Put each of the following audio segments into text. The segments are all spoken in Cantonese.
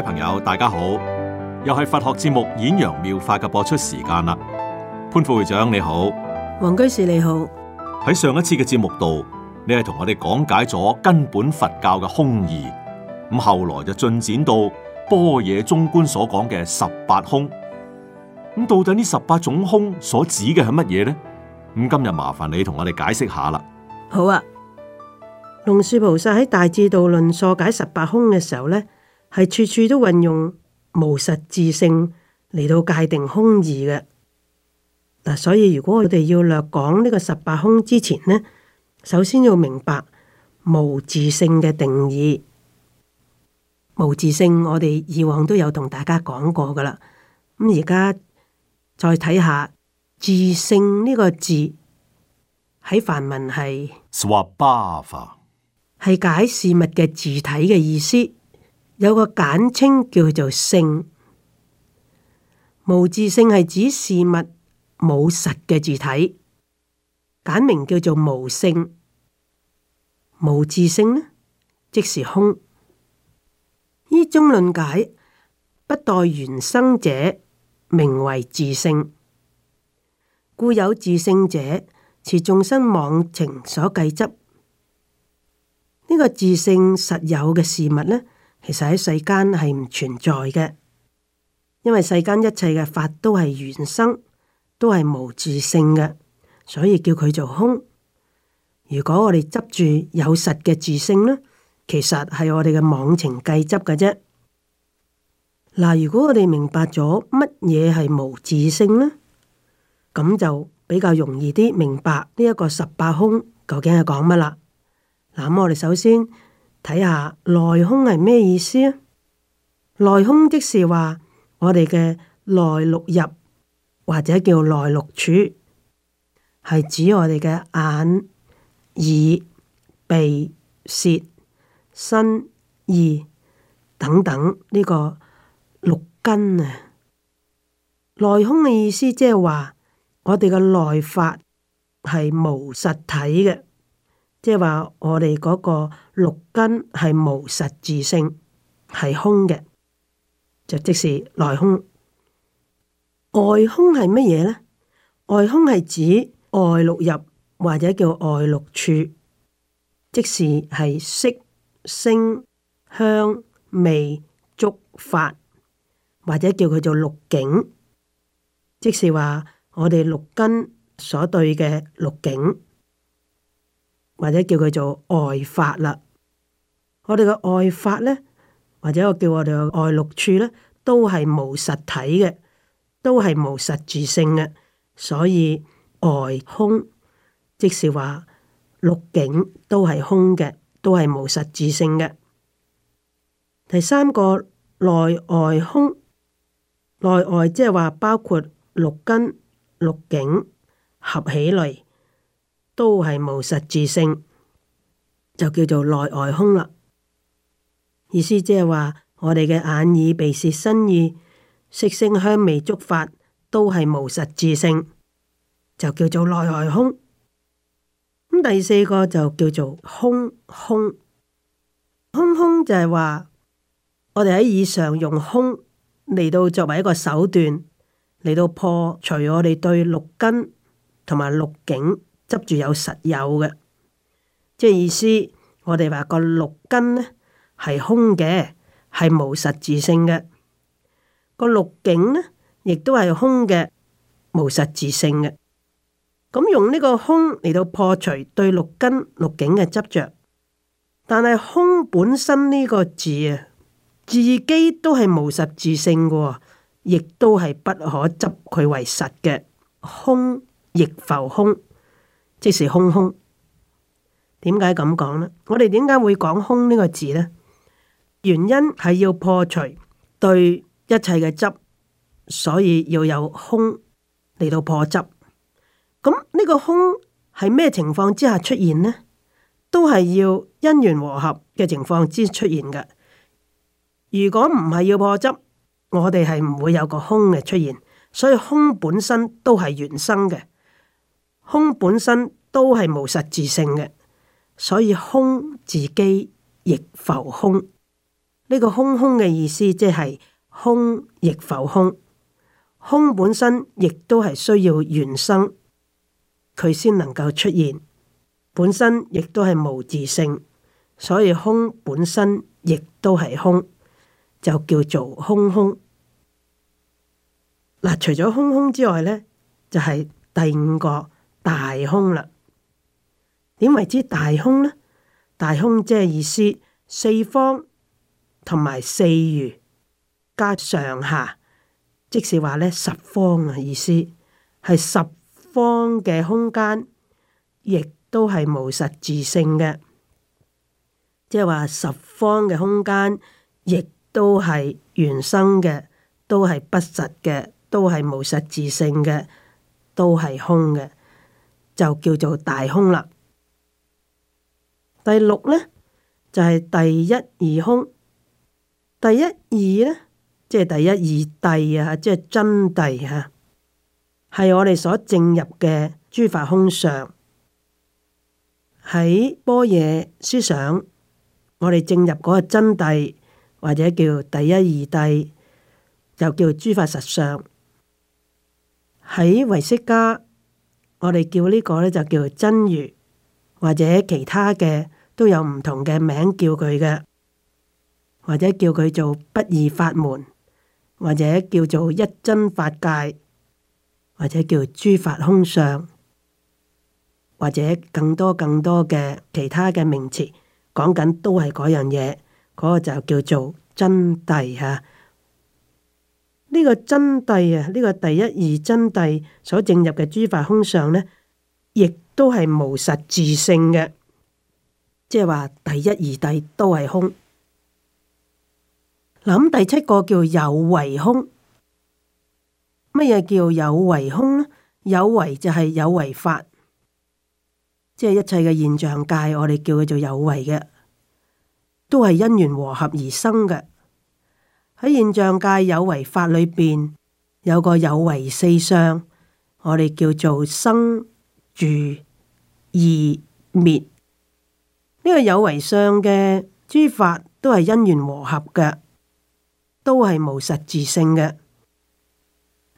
各位朋友，大家好，又係佛學節目演揚妙，妙法嘅播出時間啦。潘副會長你好，黃居士你好。喺上一次嘅節目度，你係同我哋講解咗根本佛教嘅空義，咁後來就進展到般若中觀所講嘅十八空。咁到底呢十八種空所指嘅係乜嘢呢？咁今日麻煩你同我哋解釋下啦。好啊，龍樹菩薩喺《大智度論》疏解十八空嘅時候咧。係處處都運用無實質性嚟到界定空義嘅嗱，所以如果我哋要略講呢個十八空之前呢，首先要明白無自性嘅定義。無自性，我哋以往都有同大家講過噶啦。咁而家再睇下自性呢個字喺梵文係，係 ab 解事物嘅自體嘅意思。.有個簡稱叫做性。無自性係指事物冇實嘅字體，簡名叫做無性。無自性呢，即是空。依中論解，不待緣生者名為自性，故有自性者，是眾生妄情所計執。呢、這個自性實有嘅事物呢？其實喺世間係唔存在嘅，因為世間一切嘅法都係緣生都係無自性嘅，所以叫佢做空。如果我哋執住有實嘅自性呢，其實係我哋嘅妄情計執嘅啫。嗱，如果我哋明白咗乜嘢係無自性呢，咁就比較容易啲明白呢一個十八空究竟係講乜啦。嗱，咁我哋首先。睇下內空係咩意思啊？內空即是話我哋嘅內六入或者叫內六處，係指我哋嘅眼、耳、鼻、舌、身、意等等呢個六根啊。內空嘅意思即係話我哋嘅內法係無實體嘅。即係話我哋嗰個六根係無實自性，係空嘅，就即是內空。外空係乜嘢呢？外空係指外六入或者叫外六處，即是係色聲香味觸法，或者叫佢做六境，即是話我哋六根所對嘅六境。或者叫佢做外法啦，我哋嘅外法咧，或者我叫我哋嘅外六處咧，都係冇實體嘅，都係冇實質性嘅。所以外空，即是話六境都係空嘅，都係冇實質性嘅。第三個內外空，內外即係話包括六根六境，合起嚟，都係無實質性，就叫做內外空啦。意思即係話，我哋嘅眼耳鼻舌身意、色聲香味觸法，都係無實質性，就叫做內外空。咁第四個就叫做空空，空空就係話，我哋喺以上用空嚟到作為一個手段嚟到破除我哋對六根同埋六境執住有實有嘅，即係意思，我哋話個六根呢係空嘅，係無實自性嘅；個六境呢，亦都係空嘅，無實自性嘅。咁用呢個空嚟到破除對六根六境嘅執着。但係空本身呢個字啊，自己都係無實自性嘅，亦都係不可執佢為實嘅。空亦復空。即是空空，點解咁講呢？我哋點解會講空呢個字呢？原因係要破除對一切嘅執，所以要有空嚟到破執。咁呢個空喺咩情況之下出現呢？都係要因緣和合嘅情況之出現嘅。如果唔係要破執，我哋係唔會有個空嘅出現。所以空本身都係原生嘅。空本身都係無實質性嘅，所以空自己亦復空。呢、這個空空嘅意思即係空亦復空，空本身亦都係需要緣生，佢先能夠出現。本身亦都係無自性，所以空本身亦都係空，就叫做空空。嗱、啊，除咗空空之外呢，就係、是、第五個。大空啦。點為之大空呢？大空即係意思四方同埋四隅加上下，即是話呢十方嘅意思係十方嘅空間，亦都係無實自性嘅，即係話十方嘅空間亦都係原生嘅，都係不實嘅，都係無實自性嘅，都係空嘅。就叫做大空啦。第六咧就係第一義空，第一義，咧即係第一義諦啊，即係真諦啊，係我哋所證入嘅諸法空相。喺般若思想，我哋證入嗰個真諦或者叫第一義諦，又叫諸法實相。喺唯識家。我哋叫呢個呢，就叫真如，或者其他嘅都有唔同嘅名叫佢嘅，或者叫佢做不二法門，或者叫做一真法界，或者叫諸法空相，或者更多更多嘅其他嘅名詞，講緊都係嗰樣嘢，嗰個就叫做真諦啊。呢個真諦啊，呢、這個第一二真諦所證入嘅諸法空相呢，亦都係無實自性嘅，即係話第一二諦都係空。嗱，第七個叫有為空。乜嘢叫有為空咧？有為就係有為法，即係一切嘅現象界，我哋叫佢做有為嘅，都係因緣和合而生嘅。喺現象界有為法裏邊，有個有為四相，我哋叫做生、住、異、滅。呢、這個有為相嘅諸法都係因緣和合嘅，都係無實自性嘅，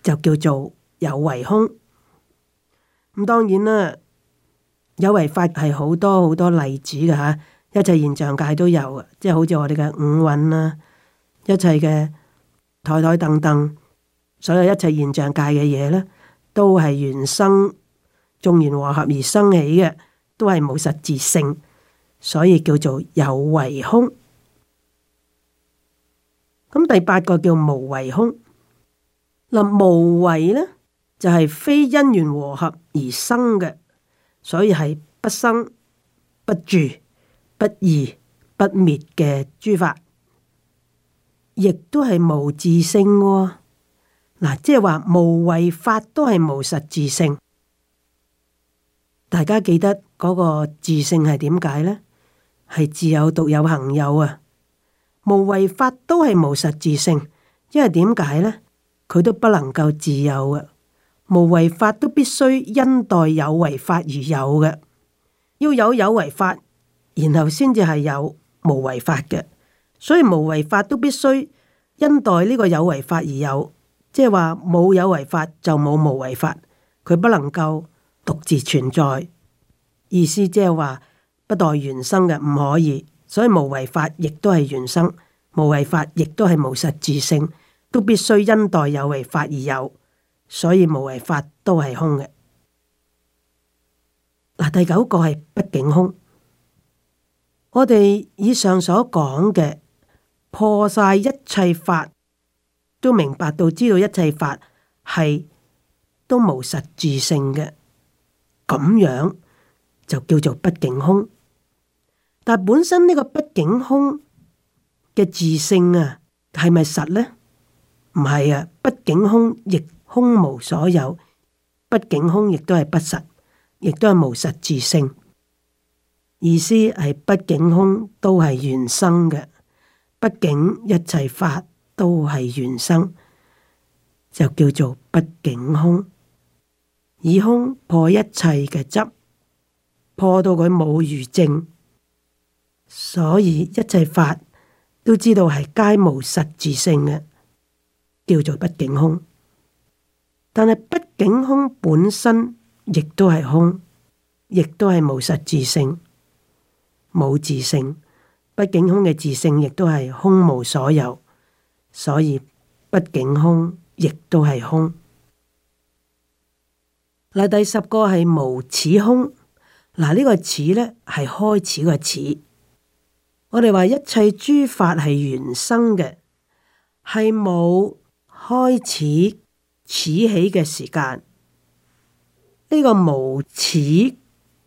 就叫做有為空。咁當然啦，有為法係好多好多例子嘅吓，一切現象界都有嘅，即係好似我哋嘅五蘊啦。一切嘅台台凳凳，所有一切現象界嘅嘢呢，都係緣生，眾緣和合而生起嘅，都係冇實質性，所以叫做有為空。咁第八個叫無為空。嗱，無為呢，就係、是、非因緣和合而生嘅，所以係不生、不住、不異、不滅嘅諸法。亦都係無自性。嗱、哦，即係話無為法都係無實自性。大家記得嗰個、那個自性係點解呢？係自有獨有朋友啊！無為法都係無實自性，因為點解呢？佢都不能夠自由嘅，無為法都必須因待有為法而有嘅，要有有為法，然後先至係有無為法嘅。所以無為法都必須因待呢個有為法而有，即係話冇有為法就冇無為法，佢不能夠獨自存在。意思即係話不待原生嘅唔可以，所以無為法亦都係原生，無為法亦都係無實質性，都必須因待有為法而有，所以無為法都係空嘅。嗱，第九個係畢竟空。我哋以上所講嘅。破晒一切法，都明白到知道一切法係都冇實自性嘅，咁樣就叫做畢竟空。但本身呢個畢竟空嘅自性啊，係咪實呢？唔係啊！畢竟空亦空無所有，畢竟空亦都係不實，亦都係冇實自性。意思係畢竟空都係原生嘅。畢竟一切法都係緣生，就叫做畢竟空。以空破一切嘅執，破到佢冇餘證，所以一切法都知道係皆無實質性嘅，叫做畢竟空。但係畢竟空本身亦都係空，亦都係冇實質性、冇自性。畢竟空嘅自性亦都係空無所有，所以畢竟空亦都係空。嗱，第十個係無始空。嗱，呢個始咧係開始嘅始。我哋話一切諸法係原生嘅，係冇開始始起嘅時間。呢、這個無始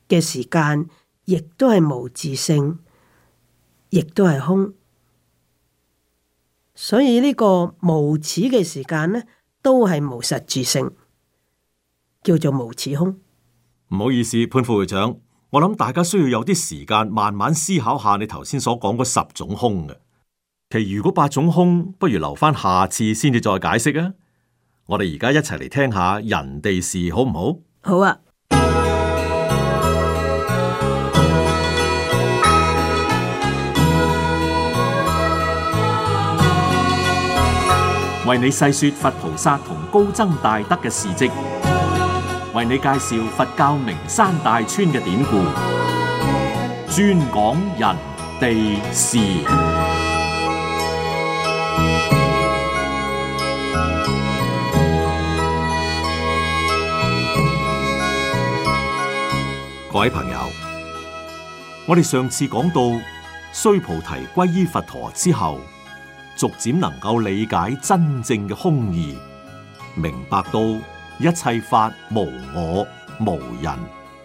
嘅時間亦都係無自性。亦都係空，所以呢個無始嘅時間呢，都係無實住性，叫做無始空。唔好意思，潘副會長，我諗大家需要有啲時間慢慢思考下你頭先所講嗰十種空嘅，其如，如果八種空，不如留翻下次先至再解釋啊。我哋而家一齊嚟聽下人哋事好唔好？好啊。為你細說佛菩薩同高僧大德嘅事跡，為你介紹佛教名山大川嘅典故，專講人地事。各位朋友，我哋上次講到須菩提歸依佛陀之後。逐漸能夠理解真正嘅空義，明白到一切法無我、無人、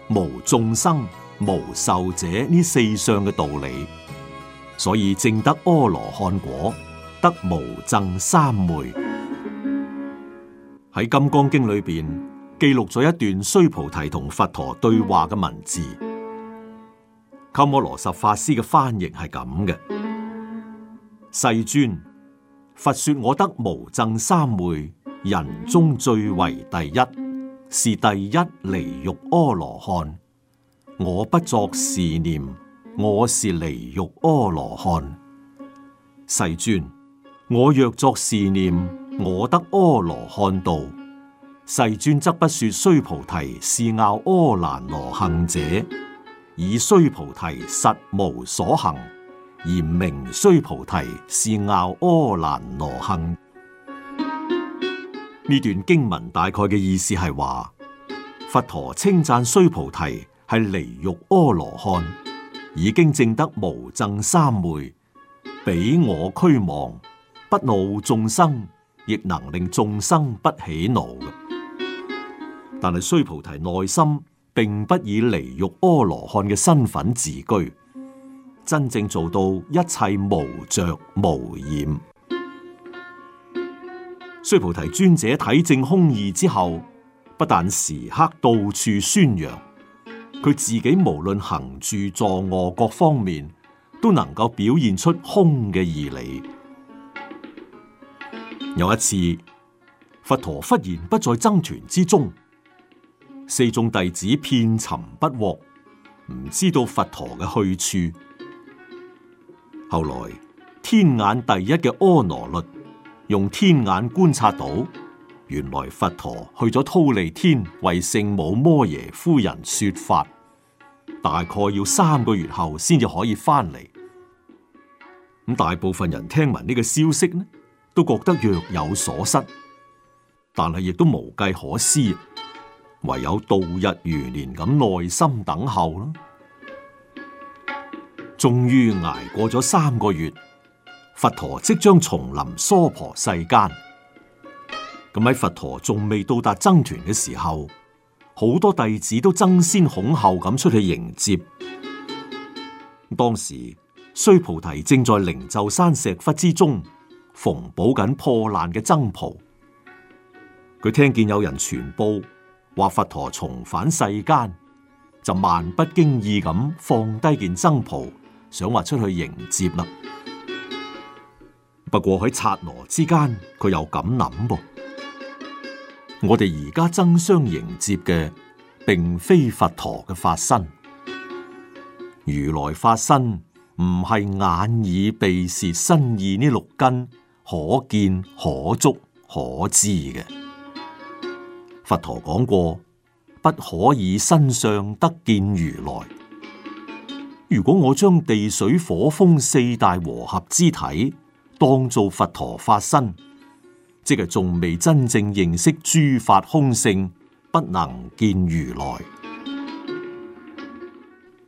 無眾生、無受者呢四相嘅道理，所以證得阿羅漢果，得無諍三昧。喺《金剛經》裏邊記錄咗一段須菩提同佛陀對話嘅文字，鳩摩羅什法師嘅翻譯係咁嘅。世尊，佛說我得無諍三昧，人中最為第一，是第一離欲阿羅漢。我不作是念，我是離欲阿羅漢。世尊，我若作是念，我得阿羅漢道。世尊則不說須菩提是樂阿蘭那行者，以須菩提實無所行。而名須菩提，是樂阿蘭那行。呢段經文大概嘅意思係話，佛陀稱讚須菩提係離欲阿羅漢，已經證得無諍三昧，彼我俱忘，不惱眾生，亦能令眾生不起惱。但係須菩提內心，並不以離欲阿羅漢嘅身份自居。真正做到一切無着無染，須菩提尊者體證空義之後，不但時刻到處宣揚，佢自己無論行住坐臥，各方面都能夠表現出空嘅義理。有一次，佛陀忽然不在僧團之中，四眾弟子遍尋不獲，唔知道佛陀嘅去處。後來，天眼第一嘅阿那律用天眼觀察到，原來佛陀去咗忉利天為聖母摩耶夫人說法，大概要三個月後先至可以翻嚟。咁大部分人聽聞呢個消息呢，都覺得若有所失，但係亦都無計可施，唯有度日如年咁耐心等候啦。終於捱過咗三個月，佛陀即將重臨娑婆世間。咁喺佛陀仲未到達僧團嘅時候，好多弟子都爭先恐後咁出去迎接。當時須菩提正在靈鷲山石窟之中縫補緊破爛嘅僧袍，佢聽見有人傳報話佛陀重返世間，就漫不經意咁放低件僧袍。想話出去迎接啦，不過喺拆羅之間，佢又咁諗噃。我哋而家爭相迎接嘅，並非佛陀嘅法身，如來法身唔係眼耳鼻舌身意呢六根可見可觸可知嘅。佛陀講過，不可以身相得見如來。如果我將地水火風四大和合之體當做佛陀法身，即係仲未真正認識諸法空性，不能見如來。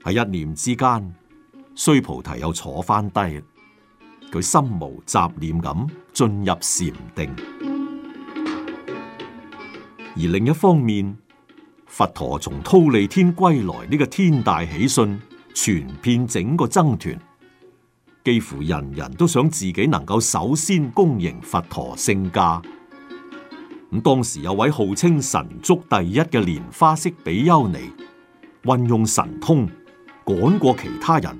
喺一念之間，須菩提又坐翻低，佢心無雜念咁進入禪定。而另一方面，佛陀從忉利天歸來呢個天大喜訊。全片，整個僧團，幾乎人人都想自己能夠首先恭迎佛陀聖駕。咁當時有位號稱神足第一嘅蓮花色比丘尼，運用神通趕過其他人，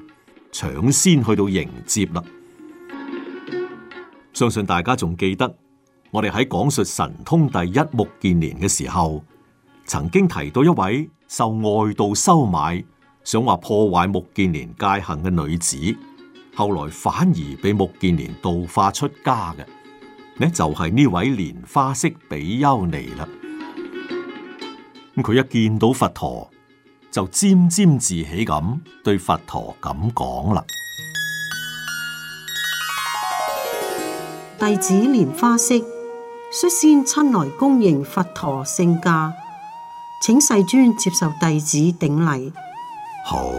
搶先去到迎接啦。相信大家仲記得，我哋喺講述神通第一目犍連嘅時候，曾經提到一位受外道收買想話破壞目犍連戒行嘅女子，後來反而被目犍連道化出家嘅，呢就係、是、呢位蓮花式比丘尼啦。咁佢一見到佛陀，就沾沾自喜咁對佛陀咁講啦：弟子蓮花式，率先親來恭迎佛陀聖駕，請世尊接受弟子頂禮。好，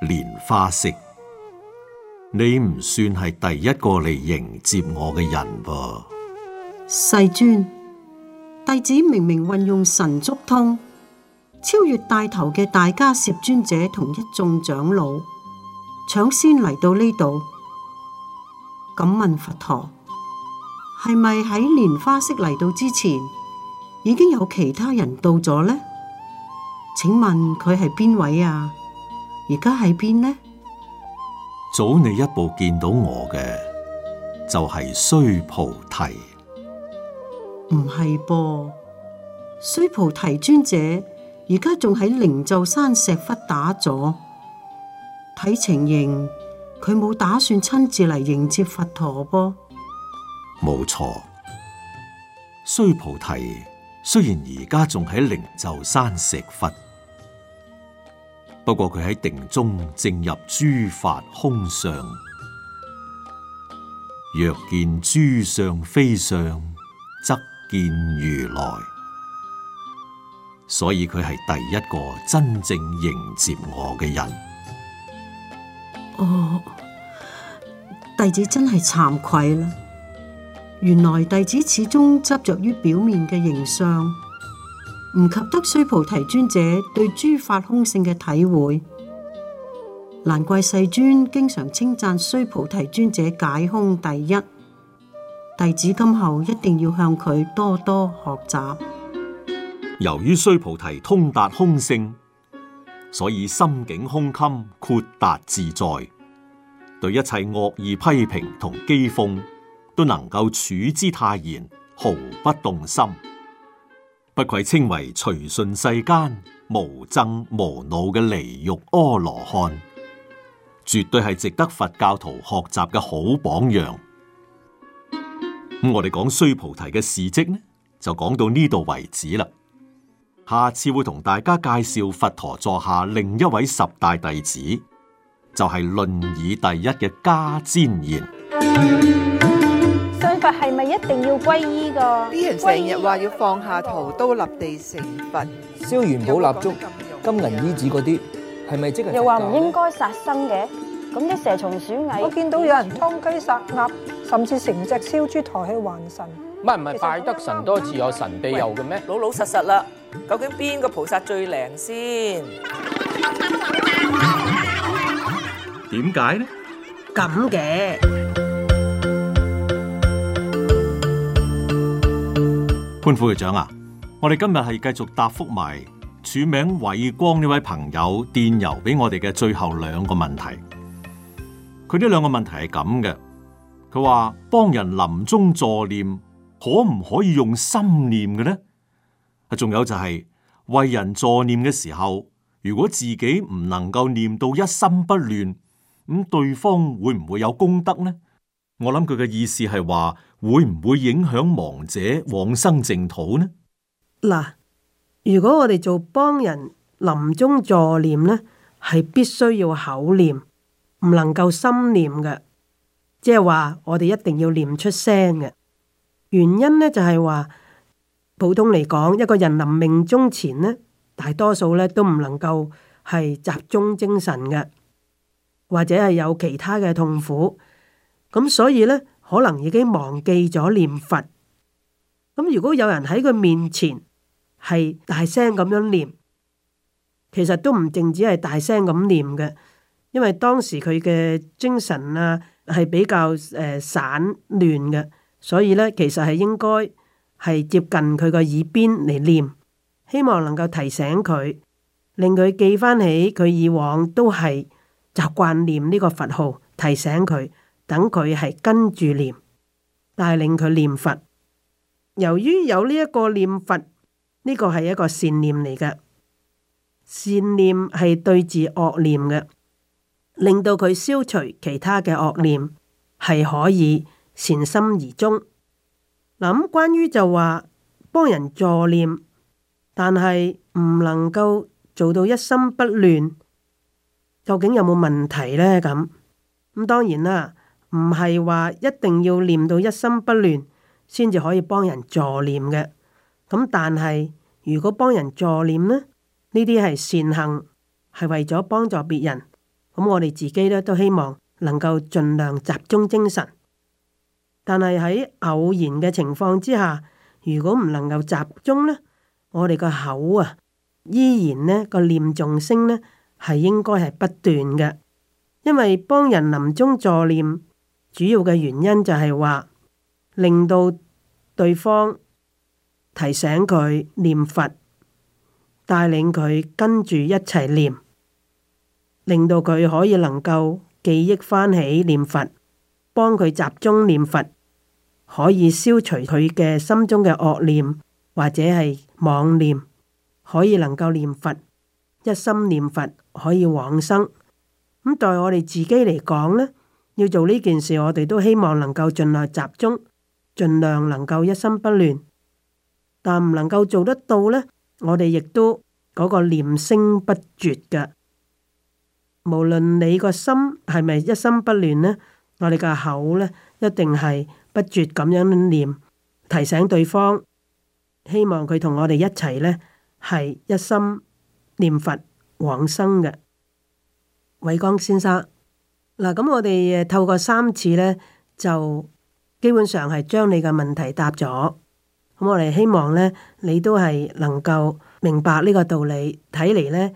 蓮花色，你唔算係第一個嚟迎接我嘅人噃。世尊，弟子明明運用神足通，超越帶頭嘅大迦葉尊者同一眾長老，搶先嚟到呢度。噉問佛陀，係咪喺蓮花色嚟到之前，已經有其他人到咗呢？請問佢係邊位啊？而家喺邊呢？早你一步見到我嘅就係、是、須菩提，唔係噃？須菩提尊者而家仲喺靈鷲山石窟打坐。睇情形佢冇打算親自嚟迎接佛陀噃。冇錯，須菩提雖然而家仲喺靈鷲山石窟。不過佢喺定中正入諸法空相，若見諸相非相，則見如來。所以佢係第一個真正迎接我嘅人。哦，弟子真係慚愧啦！原來弟子始終執着於表面嘅形象。唔及得須菩提尊者對諸法空性嘅體會，難怪世尊經常稱讚須菩提尊者解空第一。弟子今後一定要向佢多多學習。由於須菩提通達空性，所以心境胸襟豁達自在，對一切惡意批評同譏諷都能夠處之泰然，毫不動心。不愧稱為隨順世間無憎無惱嘅離欲阿羅漢，絕對係值得佛教徒學習嘅好榜樣。咁我哋講須菩提嘅事跡呢，就講到呢度為止啦。下次會同大家介紹佛陀座下另一位十大弟子，就係論議第一嘅迦旃延。 係咪一定要皈依噶？啲人成日話要放下屠刀立地成佛，燒元寶蠟燭、金銀衣紙嗰啲，係咪即係？又話唔應該殺生嘅，咁啲蛇蟲鼠蟻，我見到有人劏雞殺鴨，甚至成隻燒豬抬去還神。唔係唔係，拜得神多自有神庇佑嘅咩？老老實實啦，究竟邊個菩薩最靈先？點解呢？咁嘅。潘副會長啊，我哋今日係繼續答復埋署名偉光呢位朋友電郵俾我哋嘅最後兩個問題。佢呢兩個問題係咁嘅，佢話幫人臨終助念可唔可以用心念嘅呢？啊，仲有就係、是、為人助念嘅時候，如果自己唔能夠念到一心不亂，咁對方會唔會有功德呢？我諗佢嘅意思係話。會唔會影響亡者往生淨土呢？嗱，如果我哋做幫人臨終助念咧，係必須要口念，唔能夠心念嘅，即係話我哋一定要念出聲嘅。原因咧就係話，普通嚟講，一個人臨命終前呢，大多數咧都唔能夠係集中精神嘅，或者係有其他嘅痛苦，咁所以咧。可能已經忘記咗念佛，咁如果有人喺佢面前係大聲咁樣念，其實都唔淨止係大聲咁念嘅，因為當時佢嘅精神啊係比較誒、呃、散亂嘅，所以咧其實係應該係接近佢個耳邊嚟念，希望能夠提醒佢，令佢記返起佢以往都係習慣念呢個佛號，提醒佢。等佢係跟住念，帶領佢念佛。由於有呢一個念佛，呢、這個係一個善念嚟嘅，善念係對治惡念嘅，令到佢消除其他嘅惡念，係可以善心而終。嗱、嗯、咁關於就話幫人助念，但係唔能夠做到一心不亂，究竟有冇問題呢？咁咁、嗯、當然啦。唔係話一定要念到一心不亂先至可以幫人助念嘅。咁但係如果幫人助念呢，呢啲係善行，係為咗幫助別人。咁我哋自己咧都希望能夠盡量集中精神。但係喺偶然嘅情況之下，如果唔能夠集中呢，我哋個口啊，依然呢個念重聲呢，係應該係不斷嘅，因為幫人臨終助念。主要嘅原因就係話，令到對方提醒佢念佛，帶領佢跟住一齊念，令到佢可以能夠記憶翻起念佛，幫佢集中念佛，可以消除佢嘅心中嘅惡念或者係妄念，可以能夠念佛，一心念佛可以往生。咁、嗯、對我哋自己嚟講呢。要做呢件事，我哋都希望能夠盡量集中，盡量能夠一心不亂。但唔能夠做得到呢，我哋亦都嗰個念聲不絕嘅。無論你個心係咪一心不亂呢，我哋個口呢，一定係不絕咁樣念，提醒對方，希望佢同我哋一齊呢，係一心念佛往生嘅。偉光先生。嗱，咁我哋誒透過三次咧，就基本上係將你嘅問題答咗。咁我哋希望咧，你都係能夠明白呢個道理。睇嚟咧，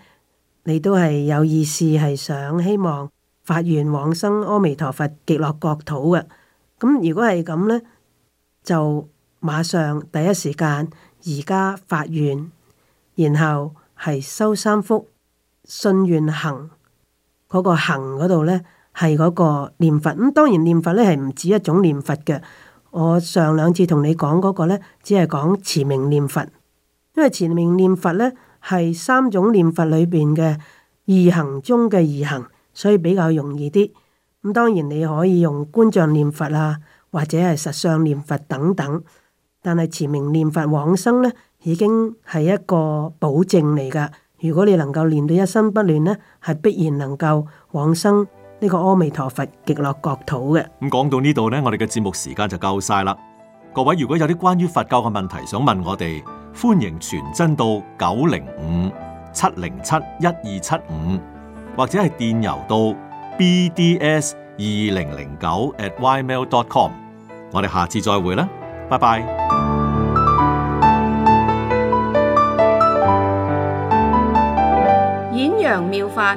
你都係有意思係想希望發願往生阿彌陀佛極樂國土嘅。咁如果係咁咧，就馬上第一時間而家發願，然後係修三福、信願行嗰個行嗰度咧。係嗰個念佛咁、嗯，當然念佛咧係唔止一種念佛嘅。我上兩次同你講嗰個咧，只係講持名念佛，因為持名念佛咧係三種念佛裏邊嘅易行中嘅易行，所以比較容易啲。咁、嗯、當然你可以用觀像念佛啊，或者係實相念佛等等。但係持名念佛往生咧，已經係一個保證嚟噶。如果你能夠念到一心不亂咧，係必然能夠往生。呢個阿彌陀佛極樂國土嘅咁講到呢度呢，我哋嘅節目時間就夠晒啦。各位如果有啲關於佛教嘅問題想問我哋，歡迎傳真到九零五七零七一二七五，75, 或者係電郵到 bds 二零零九 at ymail.com。我哋下次再會啦，拜拜。演揚妙法。